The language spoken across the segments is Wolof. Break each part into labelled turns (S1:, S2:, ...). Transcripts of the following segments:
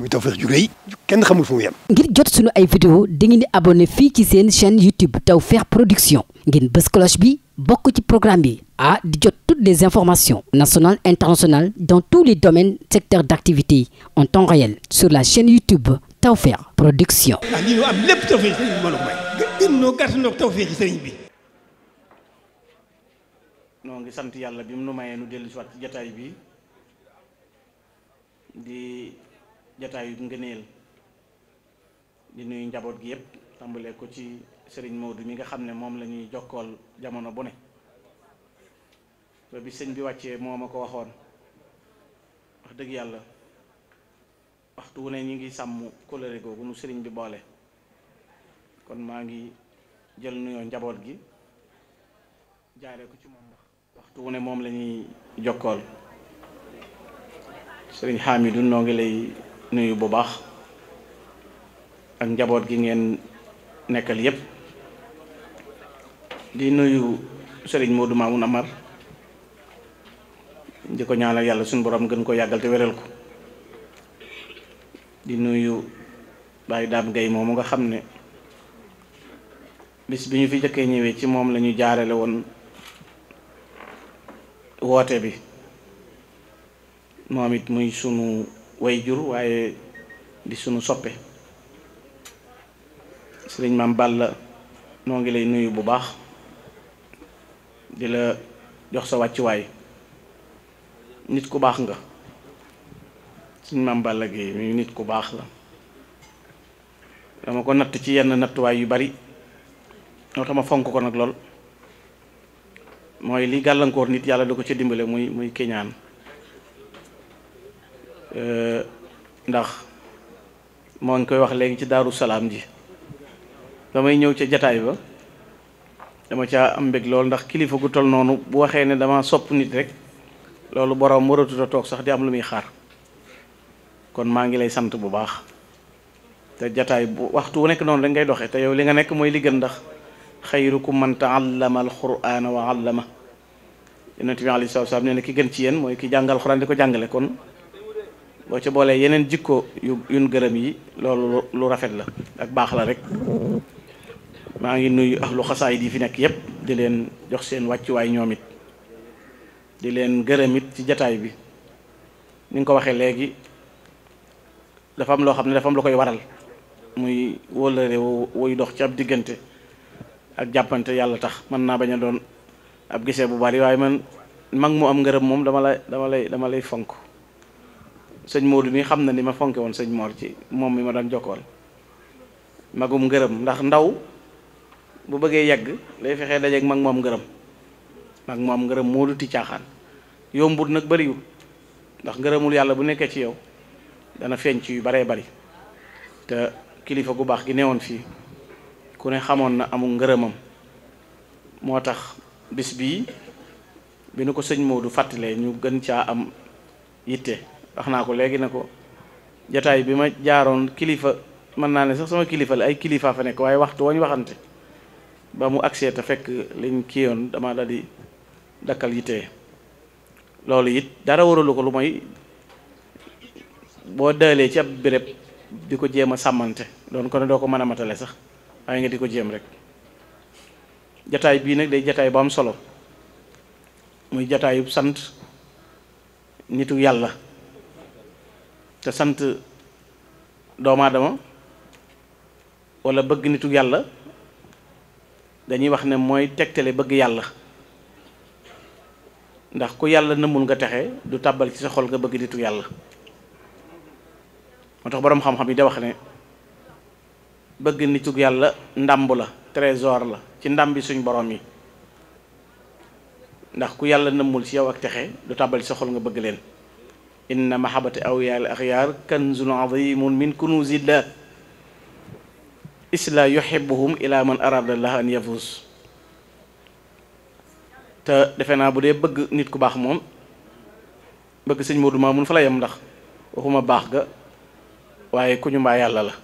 S1: muy Tawfekh ju ngir jot sunu ay vidéo dangeen di abonné fii ci seen chaîne YouTube Tawfekh Production ngeen bës bi bokk ci programme bi a di jot toutes les informations nationales internationales dans tous les domaines secteurs d'activité en temps réel sur la chaîne YouTube Tawfekh Production. ah lii ñu am lépp Tawfekh sëriñ bi mbooloo mooy ci jotaay bi jataayu ngëneel di nuyu njaboot gi yëpp tàmbalee ko ci sëriñ Modou mi nga xam ne moom la ñuy jokkool jamono bu ne ba bi sëñ bi wàcce moo ma ko waxoon wax dëgg yàlla waxtu wu ne ñu ngi sàmm kóllëre googu nu sëriñ bi boole kon maa ngi jël nuyoo njaboot gi jaaree ko ci moom wax waxtu wu ne moom la ñuy jokkool sëriñ Hamidou noo ngi lay nuyu bu baax ak njaboot gi ngeen nekkal yépp di nuyu sëriñ Modou Mamoun Amar di ko ñaanal yàlla suñu borom gën ko yàggal te wéral ko di nuyu Baye Dame Gueye moomu nga xam ne bis bi ñu fi jëkkee ñëwee ci moom lañuy jaarale woon woote bi moom it muy sunu way jur waaye di suñu soppe sëriñ maam la noo ngi lay nuyu bu baax di la jox sa wàccuwaay nit ku baax nga sëriñ maam Balla Gaye mi nit ku baax la dama ko natt ci yenn nattuwaay yu bari moo tax ma fonk ko nag lool mooy li gàllankoor nit yàlla du ko ci dimbale muy muy keñaan Euh, ndax moo ngi koy wax léegi ci daaru salaam ji damay ñëw ca jataay ba dama caa am mbég lool ndax kilifa gu tol noonu bu waxee ne dama sopp nit rek loolu borom waratuta toog sax di am lu muy xaar kon maa ngi lay sant bu baax te jataay bu waxtu wu nekk noonu rek ngay doxee te yow li nga nekk mooy li gën ndax xayrukum man taallama alqur'ana wa allama yonent bi alayhi salaam ne na ki gën ci yenn mooy ki jàngal xuraan di ko jàngale kon boo ci boolee yeneen jikko yu yuñ gërëm yi loolu lu rafet la ak baax la rek maa ngi nuyu ahlu xasaayid yi fi nekk yépp di leen jox seen wàccuwaay ñoom it di leen gërëmit ci jataay bi ni nga ko waxee léegi dafa am loo xam ne dafa am lu koy waral muy wóllëre wuy dox ci ab diggante ak jàppante yàlla tax mën naa bañ a doon ab gisee bu bari waaye man mag mu am ngërëm moom dama lay dama lay dama lay fonk sëñ Modou mi xam na li ma fonke woon sëñ Mor ci moom mi ma daan jokkool magum ngërëm ndax ndaw bu bëggee yegg lay fexee dajeeg mag moom ngërëm mag moom ngërëm moo du ti caaxaan yombut nag bëriwul ndax ngërëmul yàlla bu nekkee ci yow dana feeñ ci yu baree bari te gu baax gi newoon fii ku ne xamoon na amul ngërëmam moo tax bis bii bi nu ko sëñ moodu fàttalee ñu gën caa am yitte wax naa ko léegi ne ko jataay bi ma jaaroon kilifa mën naa ne sax sama kilifa la ay kilifa fa nekk waaye waxtu wañ waxante ba mu agsee te fekk liñ yoon dama daal di dakkal yitee loolu it dara waralu ko lu mooy boo daalee ci ab béréb di ko jéem a sàmmante doon ko ne doo ko mën a matale sax waaye nga di ko jéem rek jataay bii nag day jataay bu am solo muy jataayu sant nitu yàlla te sant doomu aadama wala bëgg nitu yàlla dañuy wax ne mooy tegtale bëgg yàlla ndax ku yàlla nëmmul nga texe du tàbbal ci sa xol nga bëgg nitu yàlla moo tax boroom xam-xam yi da wax ne bëgg nitu yàlla ndàmb la trésor la ci ndàmbi suñu boroom yi ndax ku yàlla nëmmul ci yow ak texe du tàbbal ci sa xol nga bëgg leen inna mahabbata awliyaa al axyaar kanzun azimun min kunuzillah isla yuhibbuhum ila man arada allah an te defe naa bu dee bëgg nit ku baax moom bëgg sëñ Modou Mamoun fa la yem ndax waxuma baax ga waaye ku ñu mbaa yàlla la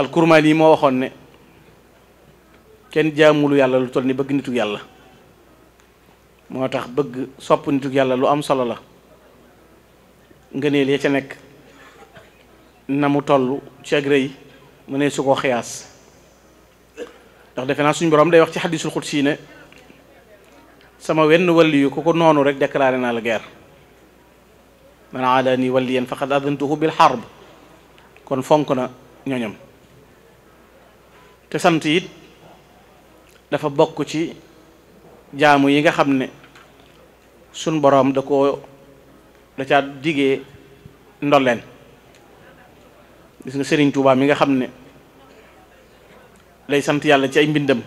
S1: alkurmaan yi moo waxoon ne kenn jaamulu yàlla lu toll ni bëgg nitu yàlla moo tax bëgg sopp nitu yàlla lu am solo la ngëneel ya ca nekk na mu toll ci ak rëy mu ne su ko xiyaas ndax defe naa suñu borom day wax ci xadisul xudsi ne sama wenn waliyu ku ko noonu rek déclaré naa la guerre man aadani waliyan faqad adantuhu bil harb kon fonk na ñoñam te sant it dafa bokk ci jaamu yi nga xam ne suñ boroom da koo da caa digee ndolleen gis nga Sëriñ Tuubaa mi nga xam ne lay sant yàlla ci ay mbindam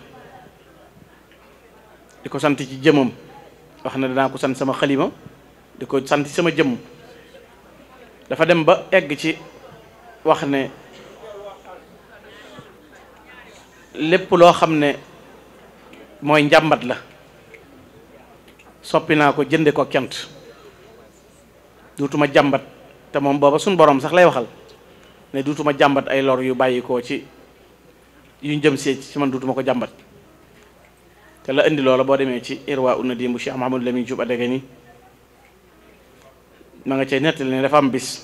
S1: di ko sant ci jëmam wax na danaa ko sant sama xalima di ko sant sama jëm dafa dem ba egg ci wax ne lépp loo xam ne mooy njàmbat la soppi naa ko jënde ko cant duutuma jàmbat te moom booba suñ borom sax lay waxal ne duutuma jàmbat ay lor yu bàyyi ci yu jëm see ci man duutuma ko jàmbat te la indi loola boo demee ci irwa una dimbu Cheikh Mahamadou Lamine Diop adege ni ma nga cay nettali ne dafa am bis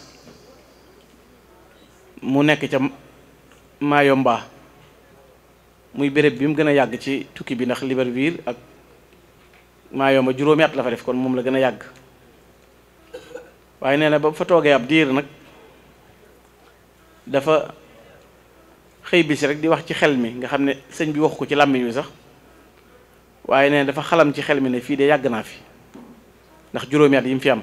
S1: mu nekk ca Mayomba muy béréb bi mu gën a yàgg ci tukki bi ndax Libreville ak maa yooma juróomi at la fa def kon moom la gën a yàgg waaye nee na ba fa toogee ab diir nag dafa xëy bis rek di wax ci xel mi nga xam ne sëñ bi waxu ko ci làmmiñ wi sax waaye nee na dafa xalam ci xel mi ne fii de yàgg naa fi ndax juróomi at yi mu fi am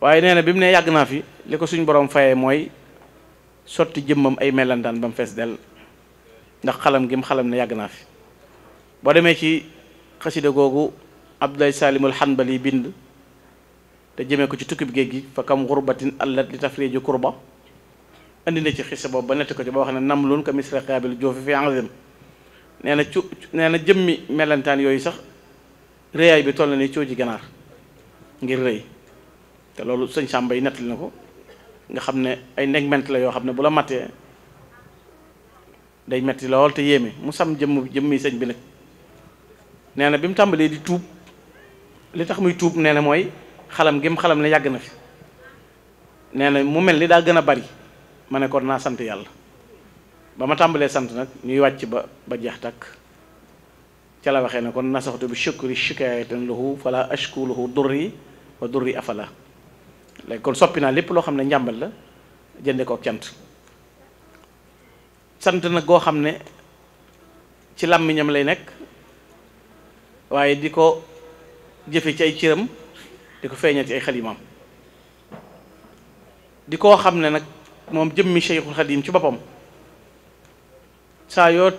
S1: waaye nee na bi mu ne yàgg naa fi li ko suñ boroom fayee mooy sotti jëmmam ay melantaan ba mu fees dell ndax xalam gi mu xalam ne yàgg naa fi boo demee ci xasida googu Abdoulaye Salimul Xanbali bind te jëme ko ci tukkib géej gi fa kam xurbatin allat li tafriju kurba andi na ci sa boobu ba netti ko ci ba wax ne nam lun ko misra qaabil joofi fi angzim nee na cu nee na jëmmi melentaan yooyu sax réyaay bi toll na ni cooji ganaar ngir rëy te loolu sëñ Sàmba yi nettali na ko nga xam ne ay ndegment la yoo xam ne bu la mattee day metti lool te yéeme mu sam jëmm jëmmi sëñ bi nag nee na bi mu tàmbalee di tuub li tax muy tuub nee na mooy xalam gi mu xalam ne yàgg na fi nee na mu mel ni daa gën a bari ma ne kon naa sant yàlla ba ma tàmbalee sant nag ñuy wàcc ba ba jeex takk ca la waxee ne kon nasaxtu bi shukri shikaayatan lahu fala ashku lahu durri wa durri afala léegi kon soppi naa lépp loo xam ne njàmbal la jënde ko cant sant nag goo xam ne ci làmmiñam lay nekk waaye di ko jëfe ci ay cëram di ko feeñal ci ay xalimaam di koo xam ne nag moom jëmmi Cheikhul Khadim ci boppam saa yoo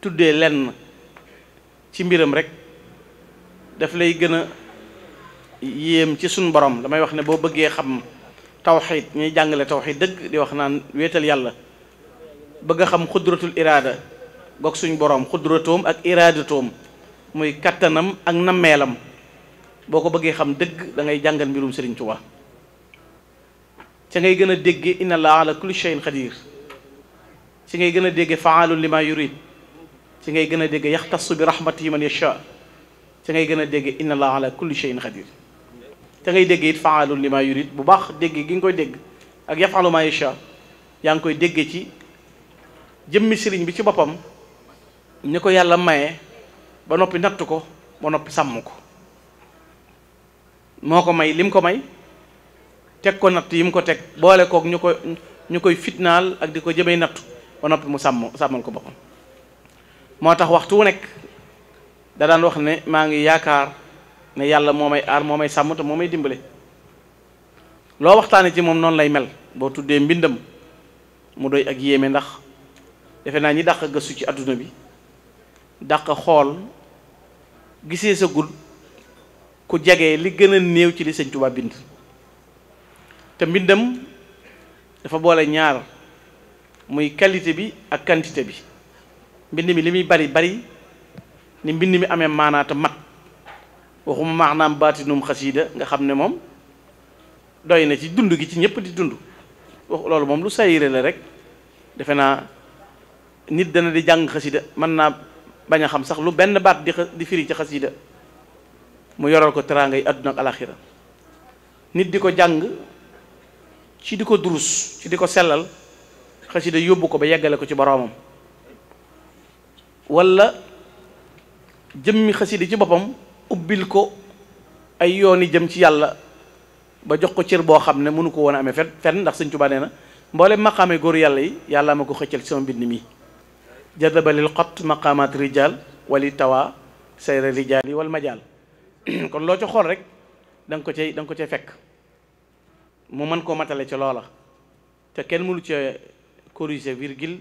S1: tuddee lenn ci mbiram rek daf lay gën a yéem ci suñ borom damay wax ne boo bëggee xam tawxid ñuy jàngale tawxid dëgg di wax naan wéetal yàlla bëgg xam xudratul iraada goog suñ boroom xudratoom ak iraadatoom muy kàttanam ak nameelam boo ko bëggee xam dëgg da ngay jàngal mbirum Serigne Touba ca ngay gën a déggee inna Allaha ala kulli shay'in qadir ngay gën a déggee faalun lima yurid ci ngay gën a déggee yaxtassu bi rahmatihi man yasha ci ngay gën a déggee inna Allaha ala ngay déggee it faalun lima yurid bu baax dégg gi nga koy dégg ak yafalu ma yasha yaa ngi koy déggee ci jëmmi sëriñ bi ci boppam ni ko yàlla maye ba noppi natt ko ba noppi sàmm ko moo ko may lim ko may teg ko natt yi mu ko teg boole kook ñu ko ñu koy fitnaal ak di ko jëmee nattu ba noppi mu sàmm sàmmal ko boppam moo tax waxtu wu nekk da daan wax ne maa ngi yaakaar ne yàlla moo may aar moo may sàmm te moo may dimbale loo waxtaane ci moom noonu lay mel boo tuddee mbindam mu doy ak yéeme ndax defe naa ñi dàq gëstu ci adduna bi dàq xool gisee sa gul ku jege li gën a néew ci li sëñ Tuubaa bind te mbindam dafa boole ñaar muy qualité bi ak quantité bi mbind mi li muy bari bari ni mbind mi amee maanaata mat waxuma maanaam baatinum xasiida nga xam ne moom doy na ci dund gi ci ñëpp di dund loolu moom lu sayire la rek defe naa nit dana di jàng xasida mën naa bañ a xam sax lu benn baat di di firi ci xasida mu yoral ko teraanga yi àdduna ak alaxira nit di ko jàng ci di ko durus ci di ko sellal xasida yóbbu ko ba yeggale ko ci boroomam wala jëmmi xasida ci boppam ubbil ko ay yooni jëm ci yàlla ba jox ko cër boo xam ne mënu ko woon a amee fen fenn ndax sëñ Tuubaa nee na mboolem maqaame góor yàlla yi yàlla ma ko xëccal ci sama mbind mi jadabalil xott maqaamaat rijal wali tawa sayra rijal yi wal majaal kon loo ci xool rek danga ko cay da ko cay fekk mu mën koo matale ca loola te kenn mënu cee corriger virgule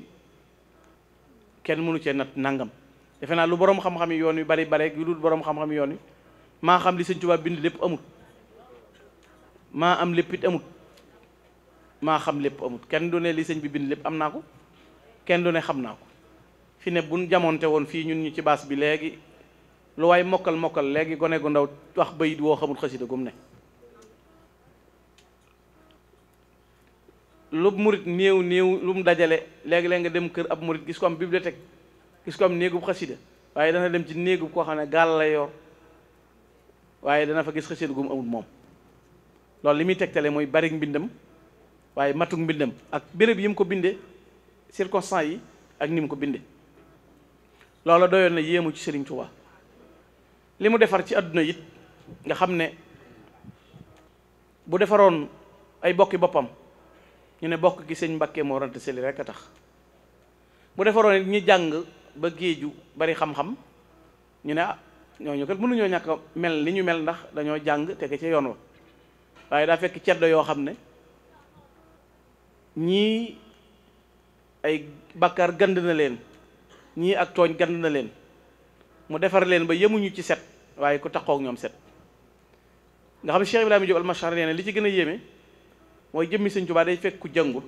S1: kenn mënu cee nat nangam defe naa lu borom xam-xam yi yoon wi bari bare yu dul borom xam-xam yoon wi maa xam li sëñ Tuubaa bind lépp amut maa am lépp it amut maa xam lépp amut kenn du ne li sëñ bi bind lépp am naa ko kenn du ne xam naa ko fi ne buñ jamonte woon fii ñun ñu ci baas bi léegi lu waay mokkal mokkal léegi gone gu ndaw wax bayit woo xamul xasida gum ne lu murit néew néew lu mu dajale léegi-léeg nga dem kër ab murit gis ko am bibliothèque gis ko am néegub xasida waaye dana dem ci néegub koo xam ne gaal la yor waaye dana fa gis xasida gum amul moom loolu li muy tegtale mooy bari mbindam waaye matuk mbindam ak béréb yi mu ko bindee circonstance yi ak ni mu ko bindee loola doyoon na yéemu ci Serigne Touba li mu defar ci àdduna yit nga xam ne bu defaroon ay bokki boppam ñu ne bokk gi sëñ Mbàkke moo rant seli rek a tax bu defaroon it ñi jàng ba géeju bari xam-xam ñu ne ah ñooñu kat mënuñoo ñàkk mel li ñu mel ndax dañoo jàng tege ca yoon wa waaye daa fekk ceddo yoo xam ne ñii ay bàkkaar gand na leen ñii ak tooñ gand na leen mu defar leen ba yemuñu ci set waaye ku taxoo ak ñoom set nga xam ne Cheikh Ibrahima Diop almachar li ci gën a yéeme mooy jëmmi Sëñ Tuubaa day fekk ku jàngul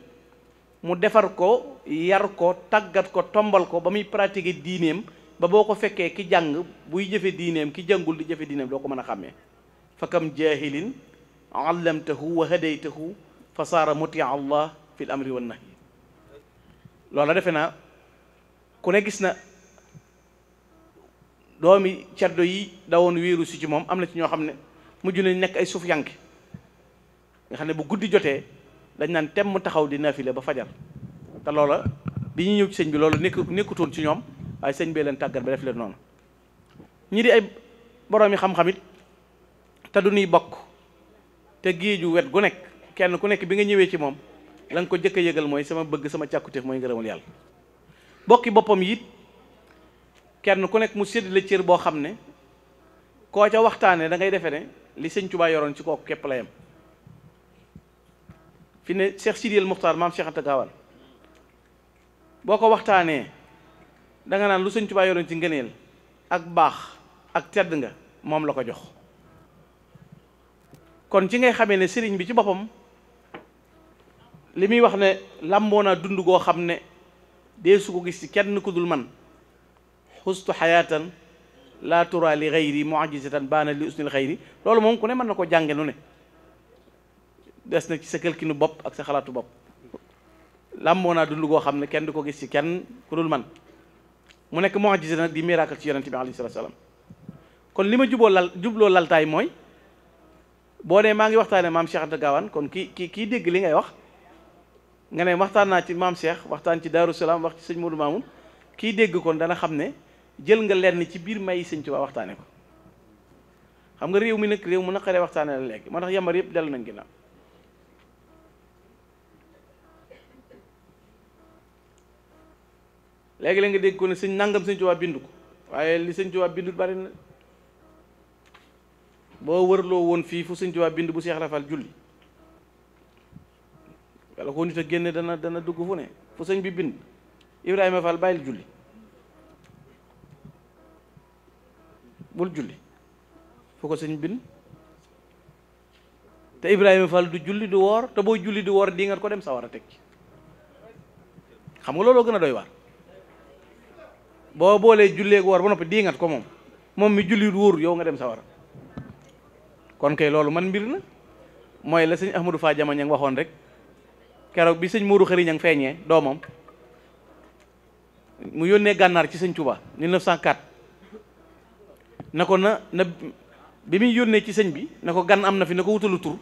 S1: mu defar ko yar ko tàggat ko tombal ko ba muy pratiquer diineem ba boo ko fekkee ki jàng buy jëfe diineem ki jàngul di jëfe diineem doo ko mën a xàmmee fa kam jaahilin allamtahu wa hadaytahu fa saara mutia allah fi l amri wan nahyi loola defe naa ku ne gis na doomi cerdo yi dawoon wéeru si ci moom am na ci ñoo xam ne mujj nañ nekk ay suuf yanke nga xam ne bu guddi jotee dañ naan tem mu taxaw di naafile ba fajar te loola bi ñu ñëw ci sëñ bi loolu nekk nekkutoon ci ñoom waaye sëñ bee leen tàggat ba def leen noonu ñi di ay boroomi xam-xam it te du ñuy bokk te géeju wet gu nekk kenn ku nekk bi nga ñëwee ci moom la nga ko jëkk yëgal mooy sama bëgg sama càkkutéef mooy ngërëmal yàlla bokki boppam it kenn ku nekk mu sedd la cër boo xam ne koo ca waxtaanee da ngay defe ne li sëñ Tuubaa yoroon ci kooku képp la yem fi ne Cheikh Sidiyel Muxtaar maam Cheikh Anta boo ko waxtaanee danga naan lu sëñ Tuubaa yoroon ci ngëneel ak baax ak tedd nga moom la ko jox ci ngay xamee ne sëriñ bi ci boppam li muy wax ne làmboo dund goo xam ne dee su ko gis ci kenn ku dul man xustu xayaatan laa tura li xayri muajizatan baana li usnil xayri loolu moom ku ne mën na ko jànge nu ne des na ci sa këlkinu bopp ak sa xalaatu bopp làmboo naa dund goo xam ne kenn du ko gis ci kenn ku dul man mu nekk muajiza nag di miracle ci yonente bi alayhi salatu salaam kon li ma juboo lal jubloo laltaay mooy boo ne maa ngi waxtaane maam Cheikh Anta Gaawaan kon ki ki kii dégg li ngay wax nga ne waxtaan naa ci maam Cheikh waxtaan ci Daaru Salaam wax ci sëñ Modou Mamoun kii dégg kon dana xam ne jël nga lenn ci biir may sëñ Tuubaa waxtaane ko xam nga réew mi nag réew mu naqaree waxtaane la léegi moo tax yambar yëpp dellu nañ ginnaaw léegi la nga dégg ko ne sëñ nangam sëñ Tuubaa bind ko waaye li sëñ Tuubaa bind bari na boo wërloo woon fii fu sëñ Tuubaa bind bu Cheikh Rafal julli wala ko nit a génne dana dana dugg fu ne fu sëñ bi bind Ibrahima Fall bàyyil julli bul julli fu ko sëñ bind te Ibrahima Fall du julli du woor te boo julli du woor di nga ko dem sawar a teg xam nga looloo gën a doy waar boo boolee julleeg woor ba noppi diingat ko moom moom mi julliwul wóor yow nga dem sawara kon kay loolu man mbir na mooy la sëñ Ahmadou Fa Jamañ a waxoon rek keroog bi sëñ Modou Khary Niang feeñee doomam mu yónnee gànnaar ci sëñ Touba 1904 na ko na na bi muy yónnee ci sëñ bi na ko gan am na fi na ko wutalu tur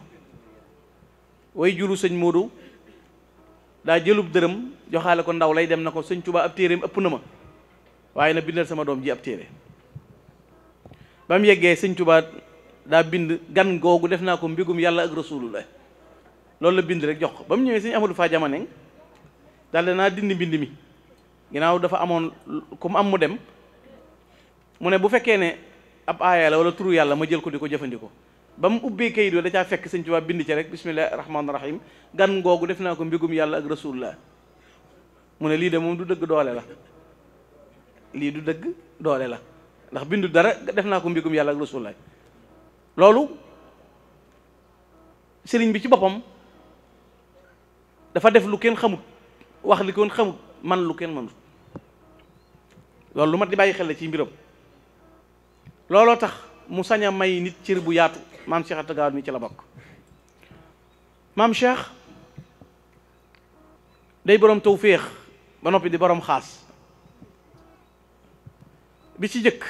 S1: way julu sëñ Modou daa jëlub dërëm joxaale ko ndaw lay dem na ko sëñ Touba ab téeréem ëpp na ma waaye na bindal sama doom ji ab téere ba mu yeggee sëñ Touba daa bind gan googu def naa ko mbigum yàlla ak rasulullah loolu la bind rek jox ko ba mu ñëwee sëñ Amadou faa jamaneng daal naa dindi mbind mi ginnaaw dafa amoon ku mu am mu dem mu ne bu fekkee ne ab aaya la wala turu yàlla ma jël ko di ko jëfandikoo ba mu ubbee kayit wa da caa fekk sëñ Tuubaa bind ci rek bismillahi rahmaani rahim gan ngoogu def naa ko mbigum yàlla ak rasulullah mu ne lii de moom du dëgg doole la lii du dëgg doole la ndax bindu dara def naa ko mbigum yàlla ak loolu sëriñ bi ci boppam dafa def lu kenn xamut wax li kenn xamut man lu kenn mënut loolu lu mat di bàyyi xel la ci mbiram looloo tax mu sañ may nit cër bu yaatu maam Cheikh ci la bokk maam Cheikh day boroom tawféex ba noppi di boroom xaas bi ci jëkk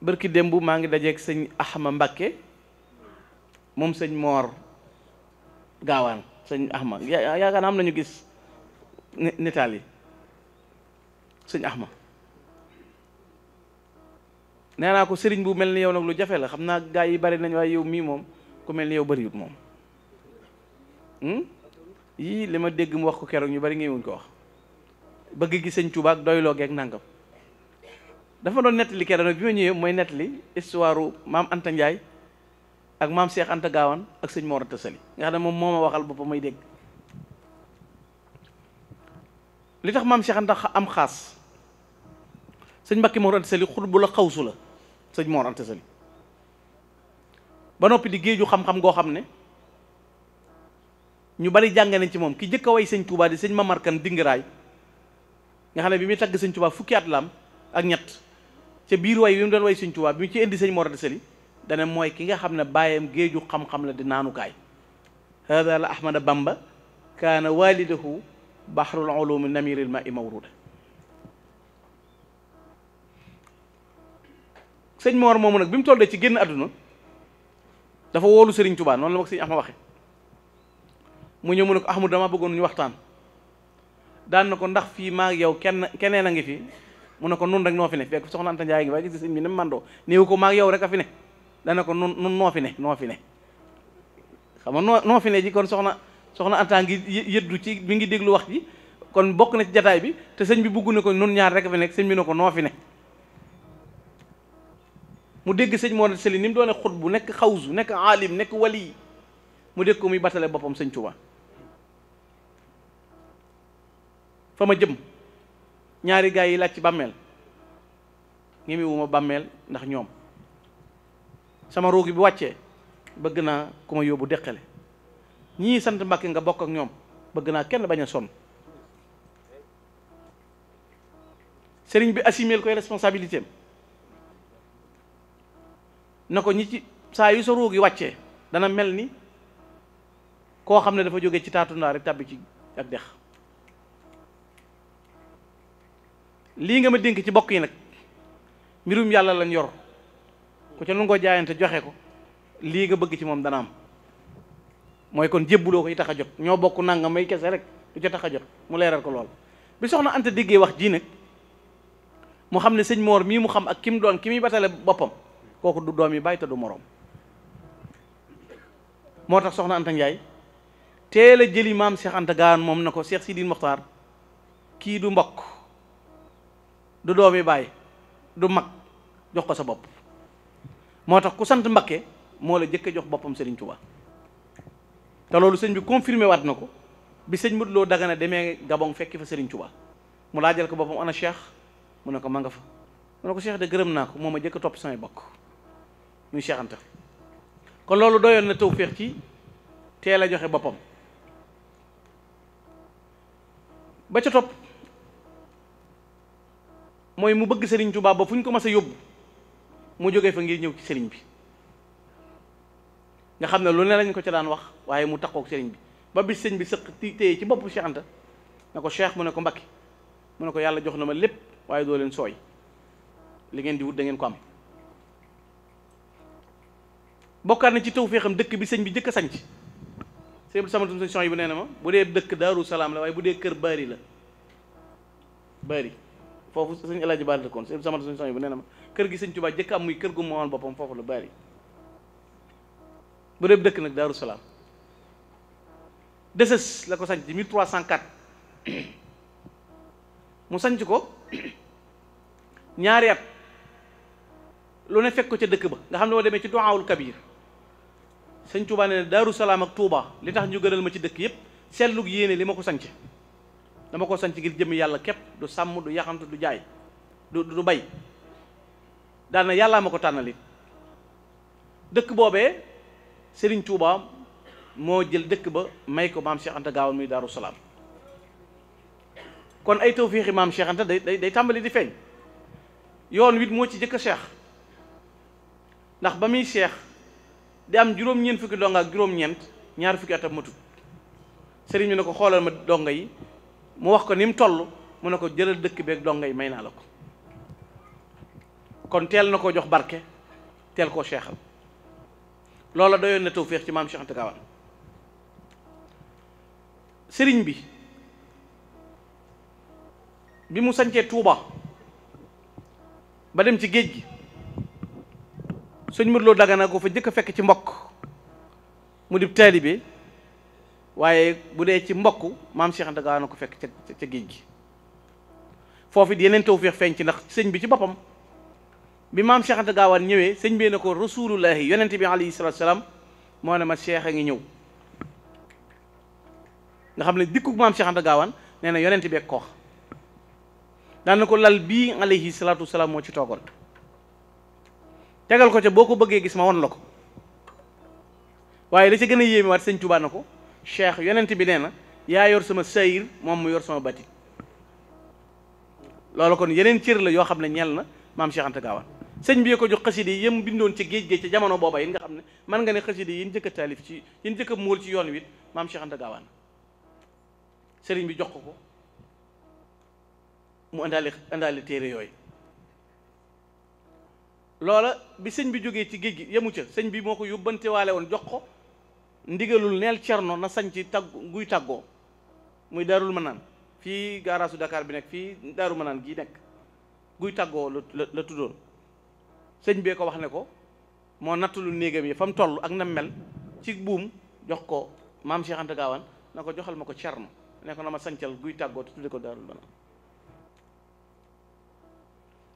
S1: bërki démb maa ngi dajeeg sëñ Axma Mbakke moom sëñ Moor Gaawaan sëñ Axma yaakaar naa am nañu gis nitaal yi sëñ Axma nee naa ko sëriñ bu mel ni yow nag lu jafe la xam naa gaa yi bari nañ waaye yow mii moom ku mel ni yow bëriwut moom hmm? yii li ma dégg mu wax ko keroog ñu bari ngeen wuñ ko wax bëgg gis sëñ Tuubaa ak doyloo geeg nangam dafa doon nettali keroog bi ma ñëwee mooy nettali histoire maam Anta Ndiaye ak maam Cheikh Anta Gaawaan ak sëñ Mor Anta Sali nga xam ne moom moo ma waxal boppam may dégg li tax maam Cheikh am xaas sëñ mbakki Mor Anta xut bu la xawsu la sëñ Mor Anta ba noppi di géeju xam-xam goo xam ne ñu bari jàng ci moom ki njëkk way sëñ Touba di sëñ Mamar Kan dingaraay nga xam ne bi muy tagg sëñ Touba fukki at la ak ñett ca biir way bi mu doon way sëñ Touba bi mu ci indi sëñ Mor Anta dana mooy ki nga xam ne baayam géeju xam-xam la di naanukaay hada la ahmada bamba kaana walidahu bahrul ulumi namiril ma i mawruda sëñ Mor moomu nag bi mu toll tollee ci génn àdduna dafa woolu Serigne Touba noonu la ma ko sëñ Ahmad waxe mu ñëw mu ne ko Ahmadu dama bëggoon ñu waxtaan daan na ko ndax fii maa yow kenn keneen a ngi fi mu ne ko nun rek noo fi ne fekk soxna Anta Ndiaye ngi waaye gis sëñ bi ni mu mandoo néew ko maa yow rek a fi ne dana ko nun nun noo fi ne noo fi ne xam nga noo noo fi ne ji kon soxna soxna Anta ngi yëddu ci bi ngi déglu wax ji kon bokk na ci jataay bi te sëñ bi bugg ne ko nun ñaari rek fi nekk sëñ bi ne ko noo fi ne mu dégg sëñ moo seli ni mu doone xut bu nekk xawsu nekk aalim nekk wali mu dégg ko muy battale boppam sëñ Tuubaa fa ma jëm ñaari gaay yi laaj ci bàmmeel ngi mi wuma bàmmeel ndax ñoom sama ruugi bi wàccee bëgg naa ku ma yóbbu deqale ñii sant Mbàkke nga bokk ak ñoom bëgg naa kenn bañ a sonn sëriñ bi assimil koy responsabilité na ko ñi ci saa yu sa ruugi wàccee dana mel ni koo xam ne dafa jóge ci taatu ndaa rek tàbbi ci ak dex lii nga ma dénk ci bokk yi nag mbirum yàlla lañ yor ku ca nangoo jaayante joxe ko lii nga bëgg ci moom dana am mooy kon jébbuloo ko yi tax a jot ñoo bokk nanga may kese rek du ca a jot mu leeral ko lool bi soxna Anta déggee wax jii nag mu xam ne sëñ Moor mii mu xam ak ki mu doon ki muy batale boppam kooku du doom yi bàyyi du moroom moo tax soxna Anta Njaay teel a jëli maam Cheikh Anta moom na ko Cheikh Sidi Mokhtar kii du mbokk du doomi bàyyi du mag jox ko sa bopp moo tax ku sant Mbakke moo la jëkk jox boppam Serigne Touba te loolu sëñ bi confirmé waat na ko bi sëñ Modou Lo Dagana demee Gabon fekki fa Serigne Touba mu laajal ko boppam ana Cheikh mu ne ko ma nga fa mu ne ko Cheikh de gërëm naa ko moom a jëkk topp samay bokk muy Cheikh kon loolu doyoon na feex ci teel a joxe boppam ba ca topp mooy mu bëgg Serigne Touba ba fu ñu ko mas yóbbu. mu jóge fa ngir ñëw ci sëriñ bi nga xam ne lu ne lañ ko ca daan wax waaye mu takkook sëriñ bi ba bis sëñ bi sëq ti téye ci boppu Cheikh Anta na ko Cheikh mu ne ko Mbacke mu ne ko yàlla jox na ma lépp waaye doo leen sooy li ngeen di wut dangeen ko am bokkaat na ci tawféexam dëkk bi sëñ bi jëkk a sanc sëñ samatum sañ yi bu nee na ma bu dee dëkk daaru salaam la waaye bu dee kër bari la bari foofu sëñ El Hadj Ba dëkkoon sëñ samatum sañ yi bu nee kër gi sëñ Tuubaa jëkk am muy kër gu moomal boppam foofu lu bari bu dee dëkk nag Daaru Salaam deses la ko sanc cent 1304 mu sañc ko ñaari at lu ne fekk ko ca dëkk ba nga xam ne boo demee ci doxaawul kabir sëñ ne daaru salaam ak Touba li tax ñu gënal ma ci dëkk yëpp seetlug yéene li ma ko sanc dama ko sanc ngir jëm yàlla képp du sàmm du yaxantu du jaay du du bay daal yàllaa ma ko tànnali dëkk boobee Serigne Touba moo jël dëkk ba may ko maam Cheikh Anta Gaawaan muy Daaru Salaam kon ay tawfiixi maam Cheikh Anta day day tàmbali di feeñ yoon wit moo ci jëkk Cheikh ndax ba muy Cheikh di am juróom-ñeent fukki donga ak juróom-ñeent ñaar fukki atam matut Serigne bi ne ko xoolal ma donga yi mu wax ko ni mu toll mu ne ko jëlal dëkk beeg donga yi may naa la ko kon teel na koo jox barke teel koo seexal loola doyoon na feex ci maam Cheikh Gaawaan sëriñ bi bi mu sancee Touba ba dem ci géej gi sëñ Modou Lo Dagana ko fa jëkk a fekk ci mbokk mu di taalibe waaye bu dee ci mbokk maam Cheikh Anta Gaawaan ko fekk ca géej gi foofu it yeneen tawféex feeñ ci ndax sëñ bi ci boppam bi maam Cheikh Gaawaan ñëwee sëñ bee na ko rasulullahi yonent bi alayhi salaatu salaam moo ne ma seex a ngi ñëw nga xam ne dikkug maam Cheikh Gaawaan nee na yonent beeg koox daan na ko lal bii alayhi salaatu salaam moo ci toogoon ko ca boo ko bëggee gis ma won la ko waaye da gën a yéeme waat ko Cheikh yonent bi nee na yaa yor sama sayir moom mu yor sama bati loolu kon yeneen cër la yoo xam ne ñeel na maam Cheikh Gaawaan sëñ bi ko jox xasida yi bindoon ci géej géej ca jamono booba yi nga xam ne mën nga ne xasida yi njëkk jëkk taalif ci yéen jëkk a ci yoon wi maam Cheikh Anta Gaawaan sëriñ bi jox ko ko mu indaale indaale téere yooyu loola bi sëñ bi jógee ci géej gi yamu ca sëñ bi moo ko yóbbante waale woon jox ko ndigalul neel cerno na sañ ci tagg guy tàggoo muy daarul manaan fii gaaraasu Dakar bi nekk fii daaru manaan gi nekk guy tàggoo la la tuddoon sëñ bee ko wax ne ko moo nattulu néegam yi fa mu toll ak na mel ci buum jox ko maam Cheikh Anta Gaawaan na ko joxal ma ko cerno ne ko na ma sancal guy tàggoo te tudde ko daarul banaan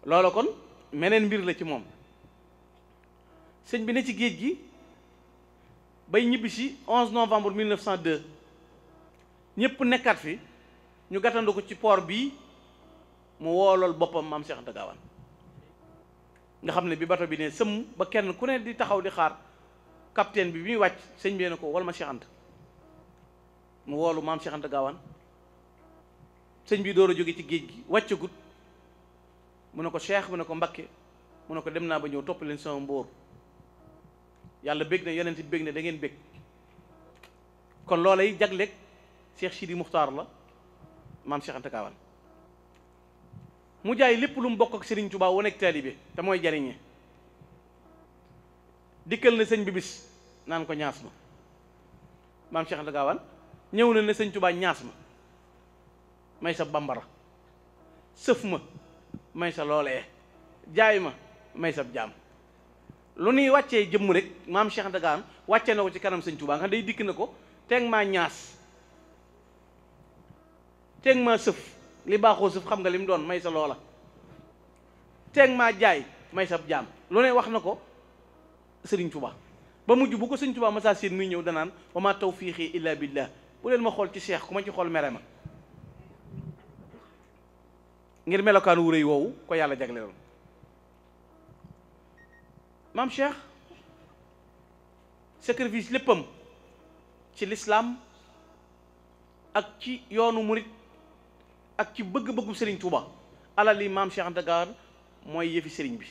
S1: loolu kon meneen mbir la ci moom sëñ bi ne ci géej gi bay ñibbi si 11 novembre 1902 ñëpp nekkaat fi ñu gàttandu ko ci poor bii mu woolool boppam maam Cheikh Anta Gaawaan nga xam ne bi bato bi ne sëmm ba kenn ku ne di taxaw di xaar capitaine bi bi wàcc sëñ bee ne ko wal ma Cheikh mu woolu maam Cheikh Gaawaan sëñ bi door a jóge ci géej gi wàccagut mu ne ko Cheikh mu ne ko Mbakke mu ne ko dem naa ba ñëw topp leen sama mbóor yàlla bég na yonent bi bég na da ngeen bég kon loolay jagleeg Cheikh Sidi Muxtaar la maam Cheikh Anta Gaawaan mu jaay lépp lu mu bokk ak Serigne Touba wane ak taalibe te mooy jariñe dikkal na sëñ bi bis naan ko ñaas ma maam Cheikh Gaawaan ñëw na ne sëñ Touba ñaas ma may sa bambara sëf ma may sa loolee jaay ma may sa jaam lu nuy wàccee jëmm rek maam Cheikh Anta Gaawaan wàccee na ko ci kanam sëñ Touba nga day dikk na ko teeg maa ñaas teeg maa sëf li baaxoo suuf xam nga li doon may sa loola teeg maa jaay may sa jaam lu ne wax na ko sëriñ Tuba ba mujj bu ko sëriñ Tuba masaa seen muy ñëw danaan wa maa tawfiiqi illa billah bu leen ma xool ci seex ku ma ci xool mere ma ngir melokaan wu rëy woowu ko yàlla jagleeloon maam Cheikh sacrifice léppam ci lislaam ak ci yoonu murit ak ci bëgg-bëggu sëriñ Touba alal yi maam Cheikh Anta Gaar mooy yëfi Serigne bi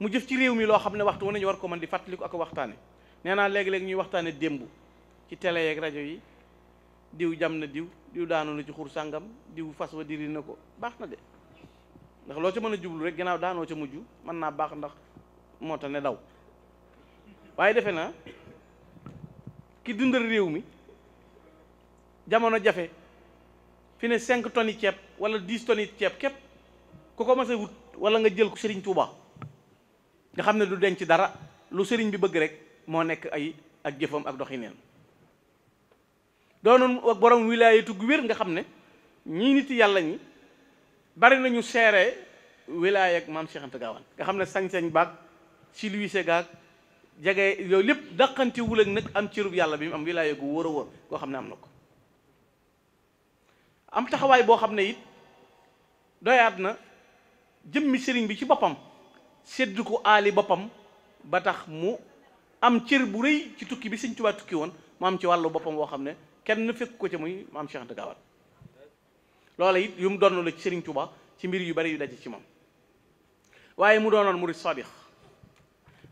S1: mu jëf ci réew mi loo xam ne waxtu woon nañu war ko man di fàttaliku ak waxtaane nee naa léegi-léegi ñuy waxtaane démb ci télé yeeg rajo yi diw jam na diw diw daanu na ci xur sàngam diw fas wa diri na ko baax na de ndax loo ca mën a jublu rek gannaaw daanoo ca mujj mën naa baax ndax moo tax ne daw waaye defe naa ki dundal réew mi jamono jafe fi ne cinq tonnes yi ceeb wala dix tonnes yi ceeb képp ku ko masa wut wala nga jël ko sëriñ Touba nga xam ne du denc dara lu sëriñ bi bëgg rek moo nekk ay ak jëfam ak doxineen doonoon ak borom wilaayatu gu wér nga xam ne ñi nit yàlla ñi bari nañu seere wilaaya ak maam Cheikh Anta Gaawaan nga xam ne sañ-sañ baag si luise gaag jege yooyu lépp daqantiwul ak nag am cërub yàlla bi mu am wilaaya gu wóor wóor koo xam ne am na ko am taxawaay boo xam ne it doyaat na jëmmi sëriñ bi ci boppam sedd ko aali boppam ba tax mu am cër bu rëy ci tukki bi sëñ Tuubaa tukki woon mu am ci wàllu boppam boo xam ne kenn fekk ko ca muy maam Cheikh Anta Gaawaan loola it yu mu doon la sëriñ Tuubaa ci mbir yu bari yu daje ci moom waaye mu doon doonoon murid saadix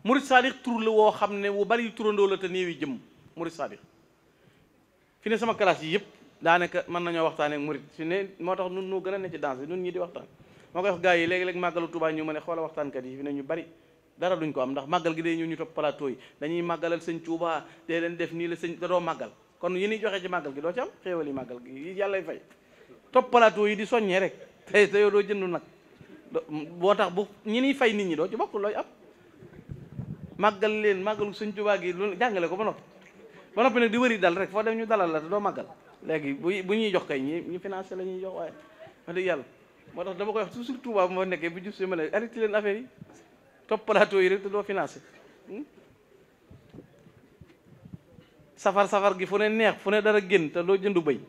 S1: murid saadix tur la woo xam ne wu bari turandoo la te néewi jëm murid saadix fi ne sama classe yi yëpp daanaka mën nañoo waxtaan ak murit fi ne moo tax nun nu gën a ne ci danse bi nun ñi di waxtaan moo koy wax yi léegi-léegi màggalu Tuubaa ñu ma ne xoola waxtaankat yi fi ne ñu bari dara duñ ko am ndax màggal gi day ñëw ñu topp plateau yi màggalal sëñ Tuubaa leen def nii la sëñ da màggal kon yi ñuy joxe ci màggal gi doo am xéewal yi màggal gi yàllay fay topp plateau yi di soññee rek te jënd nag boo tax bu ñi niy fay nit ñi doo ci bokk looy am màggal leen màggalu sëñ Tuubaa gi lu jàngale ko ba noppi ba noppi nag di wëri dal rek foo dem ñu dalal la te doo màggal léegi bu bu ñuy jox kay ñi ñu financé la ñuy jox waaye wax dëgg yàlla moo tax dama koy wax toujours Touba bu ma nekkee bu jub si ma ne arrêté leen affaire yi topp plateau yi rek te doo finance hmm? safar safar gi fu ne neex fu ne dara génn te doo jëndu bëy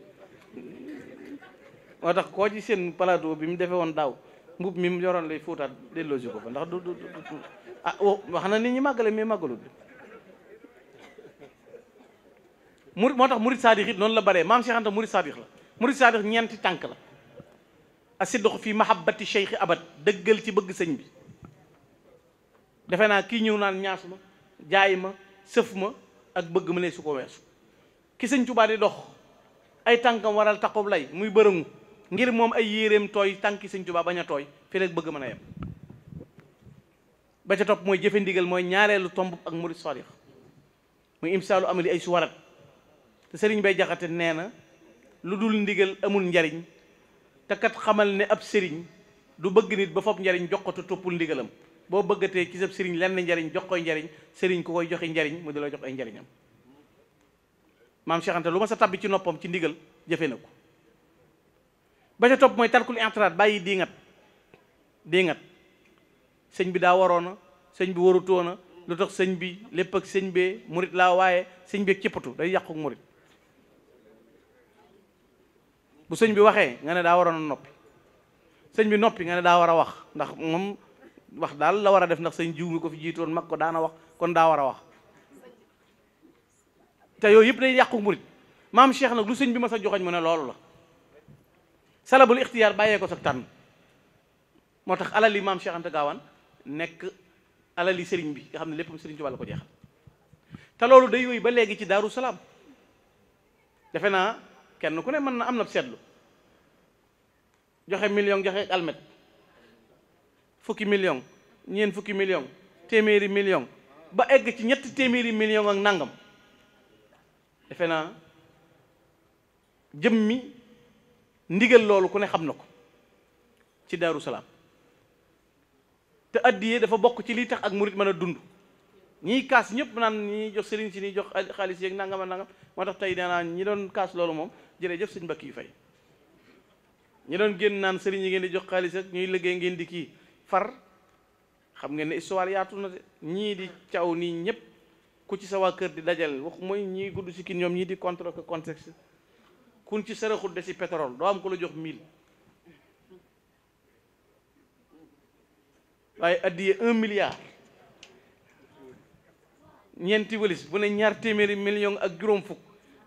S1: moo tax koo ci seen plateau bi mu defee woon daaw mbub mi mu yoroon lay fóotaat delloosi ko fa ndax du du ah oh, wax na nit ñi màggale mais màggalut murid moo tax murid saadix it noonu la bëree maam Cheikh Anta murid saadix la murid saadix ñeenti tànk la dox fii ma xab mahabbati cheikh abad dëggal ci bëgg sëñ bi defe naa kii ñëw naan ñaas ma jaay ma sëf ma ak bëgg ma ne su ko weesu ki sëñ Tuubaa di dox ay tànkam waral taqob lay muy bërëngu ngir moom ay yéeréem tooy tànki sëñ Tuubaa bañ a tooy fii rek bëgg mën a yem ba ca topp mooy jëfe ndigal mooy ñaareelu tomb ak murid saadix muy imsaalu amali ay te sëriñ bay jaxate nee na lu dul ndigal amul njariñ te kat xamal ne ab sëriñ du bëgg nit ba fopp njariñ jox ko te toppul ndigalam boo bëggatee ci sab sëriñ lenn njariñ jox koy njariñ sëriñ ku koy joxe njariñ mu di la jox ay njariñam maam Cheikh Anta lu ma sa tabbi ci noppam ci ndigal jëfe na ko ba ca topp mooy tarkul intiraat bàyyi diingat diingat sëñ bi daa waroona sëñ bi warutoona lu tax sëñ bi lépp ak sëñ bee murit laa waaye sëñ bi ak cëppatu day yàqu murit bu sëñ bi waxee nga ne daa waroon a noppi sëñ bi noppi nga ne daa war a wax ndax moom wax daal la war a def ndax sëñ jiw mi ko fi jiitoon mag ko daana wax kon daa war a wax te yooyu yëpp day yàqu murit maam Cheikh na lu sëñ bi ma sa joxoñ ne loolu la salabul ixtiyaar bàyyee ko sa moo tax alal yi maam Cheikh Gaawaan nekk alali sëriñ bi nga xam ne léppam sëriñ Tuubaa la ko jeexal te loolu day yooyu ba léegi ci Daaru Salaam defe naa kenn ku ne mën na am na seetlu joxe million joxe almet fukki million ñeent fukki million téeméeri million ba egg ci ñett téeméeri million ak nangam defe naa jëm mi ndigal loolu ku ne xam na ko ci Daaru Salaam te addiyee dafa bokk ci li tax ak murit mën a dund ñii kaas ñëpp naan ñi jox sëriñ si ñi jox xaalis yeeg nangam ak nangam moo tax tey danaa ñi doon kaas loolu moom jërëjëf sëñ Mbàkke yu fay ñi doon génn naan sëriñ yi ngeen di jox xaalis ak ñuy liggéey ngeen di kii far xam ngeen ne histoire yaatu na de ñii di caw nii ñëpp ku ci sa waa kër di dajal wax mooy ñii gudd si kii ñoom ñii di contre que contexte kun ci saraxut de si pétrole doo am ko la jox mille waaye addiye un milliard ñeenti wëlis bu ne ñaar téeméeri million ak juróom fukk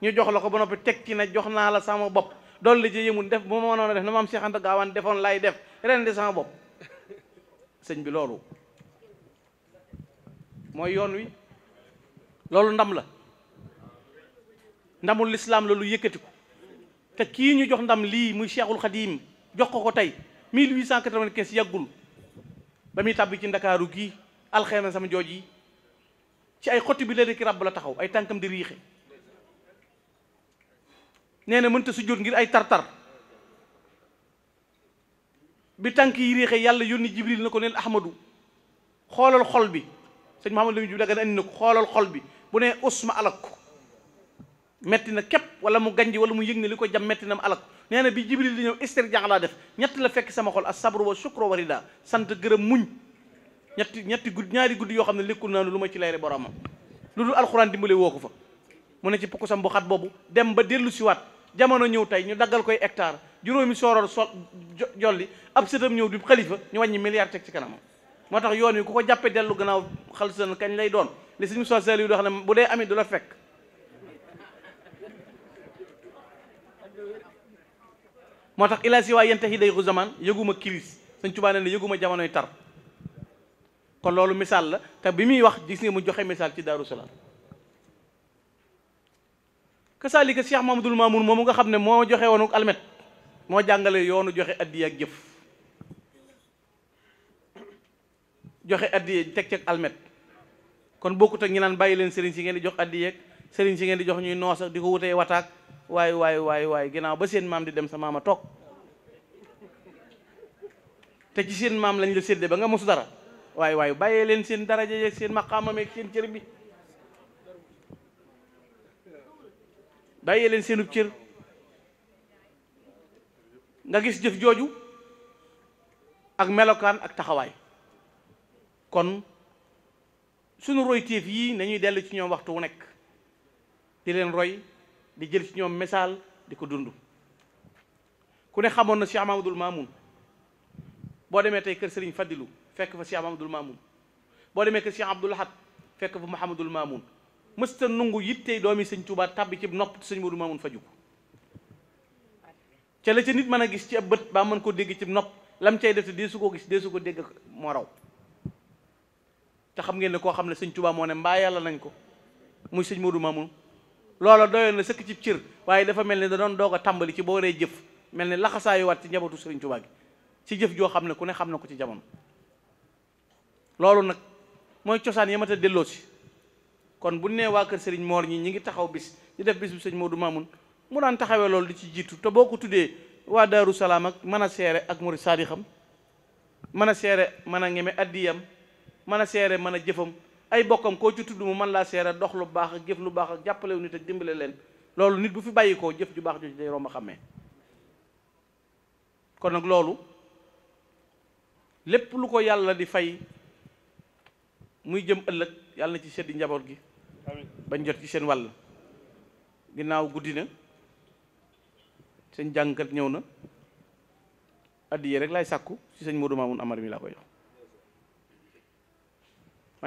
S1: ñu jox la ko ba noppi teg ci na jox naa la sama bopp dool la ci yëmul def bu ma mënoon a def na maam Cheikh Anta Gaawaan defoon laay def ren de sama bopp sëñ bi loolu mooy yoon wi loolu ndam la ndamul lislaam la lu yëkkati ko te kii ñu jox ndam lii muy Cheikhul Khadim jox ko ko tey 1895 yàggul ba muy tàbbi ci ndakaaru gii alxemes sama jooj yi ci ay xottu bi léeg-léeg ki ràbb la taxaw ay tànkam di riixe nee na mënta sujjóot ngir ay tartar bi tànk yi riixe yàlla yónni jibril na ko neen ahmadu xoolal xol bi sëñ Mahamad Lamine Diouf daga andi na ko xoolal xol bi bu nee usma alak ko metti na képp wala mu ganji wala mu yëg ne li ko jam metti na mu alak nee na bi jibril di ñëw istirjaax laa def ñett la fekk sama xol as sabru wa shukru wa rida sant gërëm muñ ñetti ñetti guddi ñaari guddi yoo xam ne lekkul naanu lu ma ci layre boromam lu dul alxuraan dimbale woo ko fa mu ne ci pokusam bu xat boobu dem ba dellu siwaat jamono ñëw tey ñu daggal koy hectare juróomi sooroor sol jolli ab sëtam ñëw di xalifa ñu wàññi milliard teg ci kanamam moo tax yoon wi ku ko jàppee dellu gannaaw xalisan kañ lay doon li suñu social yi doo xam ne bu dee amit du la fekk moo tax ilaa si waa yente day ru zaman yëguma kiris Sëñ Tuubaa ne ne jamonoy tar kon loolu misaal la te bi muy wax gis nga mu joxe misaal ci Daaru Salaam kasaalika Cheikh Mamadul moom mu nga xam ne moo joxe woonu almet moo jàngale yoonu joxe addiya ak jëf joxe addiya teg ceg almet kon bokkut ak ñi naan bàyyi leen sëriñ si ngeen di jox addiya ak sëriñ si ngeen di jox ñuy noos ak di ko wutee wataak waay waay waay waay ginnaaw ba seen maam di dem sa a toog te ci seen maam lañ la seddee ba nga mosu dara waaye waaye bàyyee leen seen daraja yeeg seen maqaamam ak seen cër bi bàyyee leen seenub cër nga gis jëf jooju ak melokaan ak taxawaay kon sunu royteef yii nañuy dellu ci ñoom waxtu wu nekk di leen roy di jël ci ñoom misaal di ko dund ku ne xamoon na Cheikh Mamadul Mamoun boo demee tey kër Serigne Fadilou fekk fa Cheikh Mahamadul Mamoun boo demee kër si Abdoul Ahad fekk fa Mouhamadul Mamoun mësta nungu yittey doomi sëñ Tuubaa tàbbi ci nopp sëñ Moodu Mamoun faju ko ca la ca nit mën a gis ci ab bët baa mën ko dégg ci nopp lam cay def te dee su ko gis dee su ko dégg moo raw te xam ngeen ne koo xam ne sëñ Tuubaa moo ne mbaa yàlla nañ ko muy sëñ Moodu Mamoun loola doyoon na sëkk ci cër waaye dafa mel ne da doon doog a tàmbali ci boo waree jëf mel ne laxasaayuwaat ci njabootu sëriñ ci jëf joo xam ne ku ne xam na ko ci jamono loolu nag mooy cosaan yamata delloo si kon bu nee waa kër sëriñ moor ñi ñi ngi taxaw bis di def bis bu sëñ Modou Mamoun mu daan taxawee loolu di ci jiitu te boo ko tuddee waa Daaru ak mën a seere ak murid saadixam mën a seere mën a ngeme addiyam mën a seere mën a jëfam ay bokkam koo ci tudd mu mën laa seere dox lu baax ak jëf lu baax ak jàppalewu nit ak dimbale leen loolu nit bu fi bàyyi koo jëf ju baax jooju day romb xàmmee kon nag loolu lépp lu ko yàlla di fay muy jëm ëllëg yàlla na ci seddi njaboot gi bañ jot ci seen wàll ginnaaw guddi na seen jàngkat ñëw na addiye rek laay sàkku ci sëñ Modou Mamoun Amar mi laa koy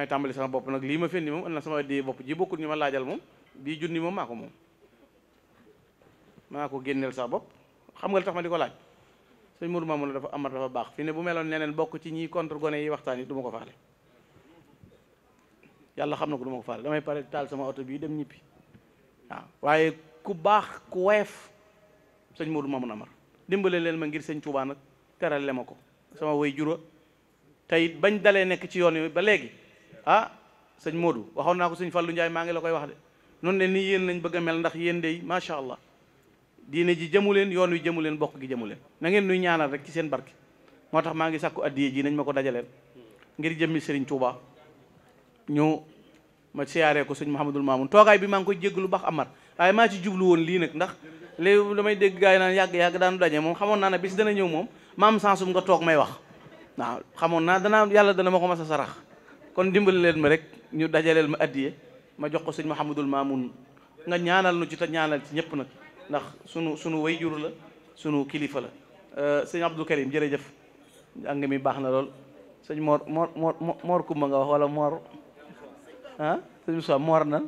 S1: jox bopp nag lii ma fenni moom am na sama addiye bopp ji bokkul ñu ma laajal moom bii junni moom maa ko moom maa ko génneel sax bopp xam nga li tax ma di ko laaj sëñ Modou Mamoun dafa Amar dafa baax fi ne bu meloon neneen bokk ci ñiy contre gone yi waxtaan yi du ma ko faale yàlla xam na ko du ma ko faale damay pare taal sama oto bii dem ñibbi waaw waaye ku baax ku woyof sëñ Modou Mamoun Amar dimbale leen ma ngir sëñ Touba nag teral le ma ko sama way jura tey bañ dalee nekk ci yoon yi ba léegi ah sëñ Modou waxoon naa ko sëñ Fallou Ndiaye maa ngi la koy wax de noonu ne nii yéen nañ bëgg mel ndax yéen dey macha allah diine ji jëmu leen yoon yu jëmu leen bokk gi jëmu leen na ngeen nuy ñaanal rek ci seen barke moo tax maa ngi sàkku addiye ji nañ ma ko dajaleel ma siyaaree ko sëñ Mouhamadul Mamoun toogaay bi maa ngi koy lu baax Amar waaye maa ci jublu woon lii nag ndax léegi damay dégg gars naan yàgg-yàgg daanu daje moom xamoon naa ne bis dana ñëw moom ma am sansum nga toog may wax waaw xamoon naa danaa yàlla dana ma ko mas a sarax kon dimbali leen ma rek ñu dajaleel ma addiye ma jox ko sëñ Mouhamadul Mamoun nga ñaanal nu ci te ñaanal ci ñëpp nag ndax sunu sunu wayjur la sunu kilifa la euh, sëñ Abdou jërëjëf jàng mi baax na lool sëñ Mor Mor Mor Kumba nga wax wala Mor ah sëñ Moussa Mor na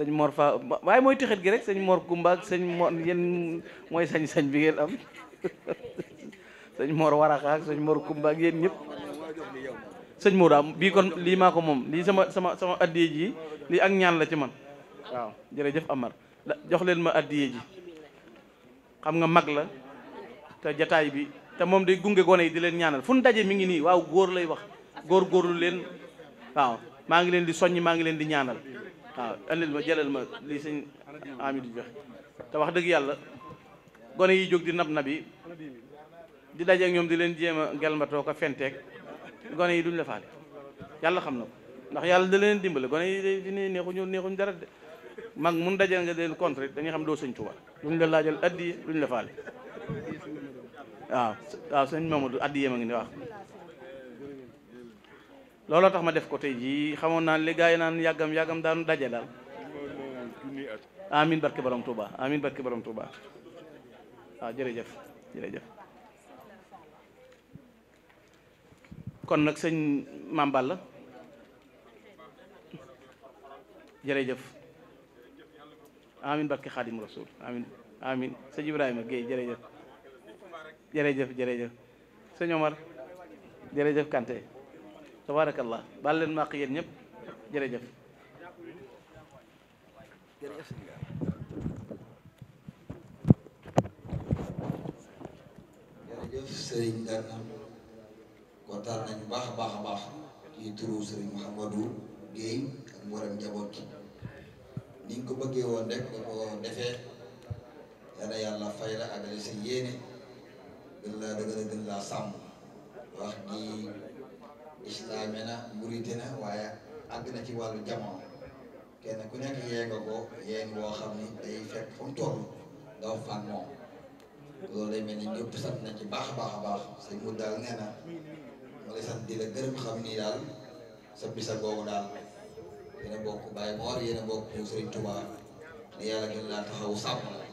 S1: sëñ Mor fa waaye mooy tixit gi rek sañ Mor Kumba ak sëñ Mor mooy sañ-sañ bi ngeen am sëñ Mor Waraxa ak sëñ Mor Kumba ak yéen ñëpp sëñ bii kon lii maa ko moom lii sama sama sama addiye ji lii ak ñaan la ci man waaw jërëjëf Amar jox leen ma addiye ji xam nga mag la te jataay bi te moom day gunge gone yi di leen ñaanal fu ñu daje mi ngi nii waaw góor lay wax góor góorlu leen waaw maa ngi leen di soññ maa ngi leen di ñaanal waaw andil ma jëlal ma lii sëñ Amidou joxe te wax dëgg yàlla gone yi jóg di nab nabi di daje ak ñoom di leen jéem a gelmatoo ko fenteeg gone yi duñ la faale yàlla xam na ko ndax yàlla da leen dimbale gone yi di neexuñu neexuñ dara de mag mun dajal nga leen contre dañuy xam doo sëñ Tuuba duñ la laajal addi duñ la faale waaw waaw sëñ Mamadou addi yéem a ngi ne waaw looloo tax ma def ko tey jii xamoon naan li gaa yi naan yàggam yàggam daanu daje daal amin barke borom Touba amin barke borom Touba waaw ah, jërëjëf jërëjëf kon nag sëñ Mame Balla jërëjëf amin barke Xaadim Rasul amin amin sëñ Ibrahima Guèye jërëjëf jërëjëf jërëjëf sëñ Omar jërëjëf Kanté tabaarakallah baal leen maaq yéen ñëpp jërëjëf jërëjëf sëriñ Gana kontaan nañ baax baax baax ci turu sëriñ Mouhamadou Guèye ak mboolem njaboot gi ni nga ko bëggee woon rek nga ko defee yàlla yàlla fay la àggale yéene gën laa dëgëra sàmm wax gi islaame na murite na waaye àgg na ci wàllu jamono kenn ku nekk yeega ko yeeg woo xam ni day fekk fu mu toll daw fan moom loolu day mel ni ñëpp sant na ci baax a baax a baax sëñ mu daal nee na la sa bisa googu daal yéen a bokk Baye Mor yéen a bokk Sëriñ Touba ne yàlla gën laa taxaw sàmm la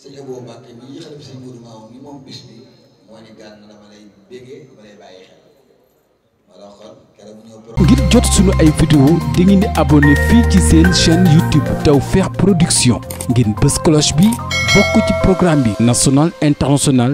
S1: sëñ Abou moom bis bi moo ni gànn dama lay bégee dama lay bàyyi xel ngir jot suñu ay vidéo di ngeen di abonné fii ci seen chaîne YouTube Tawfekh Production ngeen bës cloche bi bokk ci programme bi national international